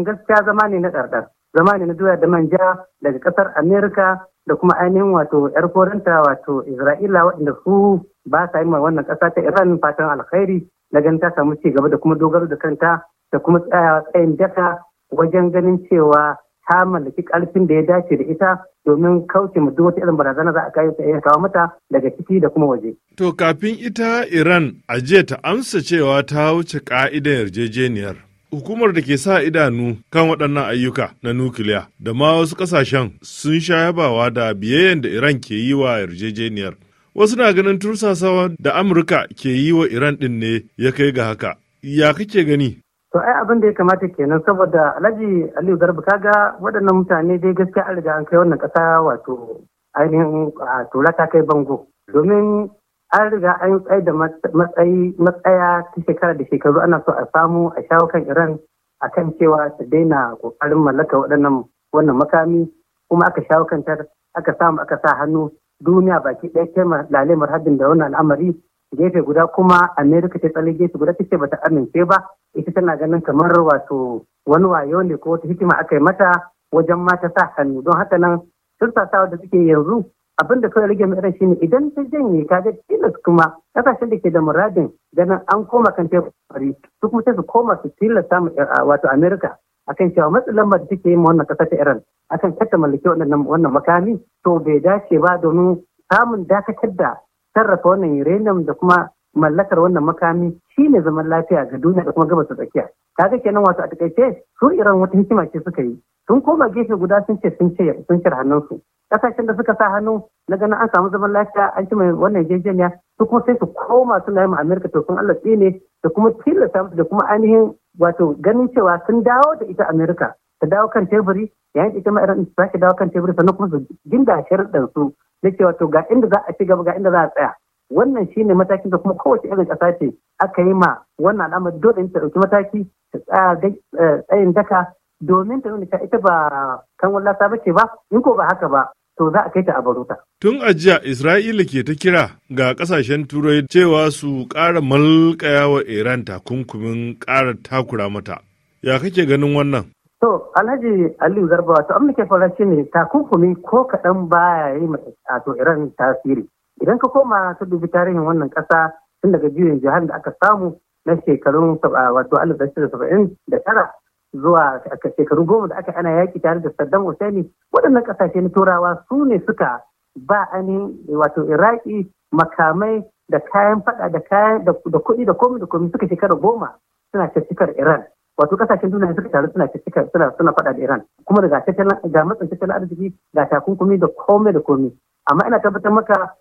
gaskiya zama ne na ɗarɗar zama ne na doya da manja daga ƙasar amerika da kuma ainihin wato yar koranta wato isra'ila waɗanda su ba sa yi wannan ƙasa ta iran fatan alkhairi na ganin ta samu ci gaba da kuma dogaro da kanta da kuma tsayawa tsayin daka wajen ganin cewa ta mallaki ƙarfin da ya dace da ita domin kauce mu duk wata irin barazana za a kai ta iya kawo mata daga ciki da kuma waje. To kafin ita Iran a ta amsa cewa ta wuce ka'idar yarjejeniyar. Hukumar da ke sa idanu kan waɗannan ayyuka na nukiliya da ma wasu ƙasashen sun sha yabawa da biyayyen da Iran ke yi wa yarjejeniyar. Wasu na ganin tursasawa da Amurka ke yi wa Iran ɗin ne ya kai ga haka. Ya kake gani? To ai abin da ya kamata kenan saboda Alhaji Aliyu Garba ga waɗannan mutane dai gaskiya an riga an kai wannan ƙasa wato ainihin a tura ta kai bango. Domin an riga an tsaye da matsayi matsaya ta shekara da shekaru ana so a samu a shawo kan iran a kan cewa ta daina kokarin mallaka waɗannan wannan makami kuma aka shawo kan tar aka samu aka sa hannu duniya baki ɗaya ke lalemar haddin da wannan al'amari gefe guda kuma amerika ta tsalle gefe guda ta ce bata amince ba ita tana ganin kamar wato wani wayo ne ko wata hikima aka yi mata wajen mata sa hannu don haka nan sun sa da suke yanzu abin da kawai rage mai shine idan ta janye kaga tilas kuma kasashen da ke da muradin ganin an koma kan teburi su kuma sai su koma su tilasta eh, wato amerika akan cewa matsin lambar da take ma wannan kasar ta iran akan kata mallaki wannan makami to bai dace ba domin samun dakatar da sarrafa wannan uranium da kuma mallakar wannan makami shine zaman lafiya ga duniya da kuma gabas ta tsakiya kaga kenan wato a takaice su iran wata hikima ce suka yi sun koma gefe guda sun ce sun ce sun hannunsu kasashen da suka sa hannu na ganin an samu zaman lafiya an ci mai wannan yarjejeniya su kuma sai su koma suna yi Amerika to sun Allah ne da kuma tilasta da kuma ainihin wato ganin cewa sun dawo da ita Amerika ta dawo kan teburi yayin da ita ma su ta dawo kan teburi sannan kuma su dinga sharuɗan su na cewa to ga inda za a ci gaba ga inda za a tsaya wannan shine matakin da kuma kowace irin ƙasa ce aka yi ma wannan al'amari dole ta ɗauki mataki ta tsaya eh, tsayin daka domin ta nuna ita ba kan wallasa ba ce ba in ko ba haka ba to za a kai ta a baruta. Tun a jiya Isra'ila ke ta kira ga kasashen Turai cewa su ƙara malkaya wa Iran takunkumin ƙara takura mata. Ya kake ganin wannan? To Alhaji Aliyu Garba to amma ke fara shi ne takunkumi ko kaɗan baya yi a to Iran tasiri. Idan ka koma ta dubi tarihin wannan ƙasa tun daga biyun jihar da aka samu na shekarun wato alif da tara zuwa shekaru goma da aka ana yaƙi tare da Saddam Hussein waɗannan ƙasashe na turawa su ne suka ba ainihin wato Iraki makamai da kayan faɗa da kayan da kuɗi da komai da komai suka shekara goma suna cikar Iran wato kasashen duniya suka taru suna cikar suna suna faɗa da Iran kuma da ga matsin tattalin arziki ga takunkumi da komai da komai amma ina tabbatar maka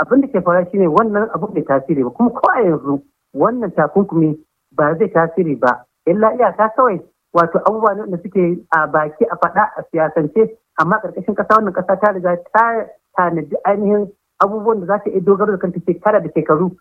abin da ke faruwa shine wannan abu bai tasiri ba kuma ko a yanzu wannan takunkumi ba zai tasiri ba illa iyaka kawai wato abubuwa ne da suke a baki a faɗa a siyasance amma ƙarƙashin ƙasa wannan ƙasa ta riga ta tanadi ainihin abubuwan da za ta iya dogaro da kanta shekara da shekaru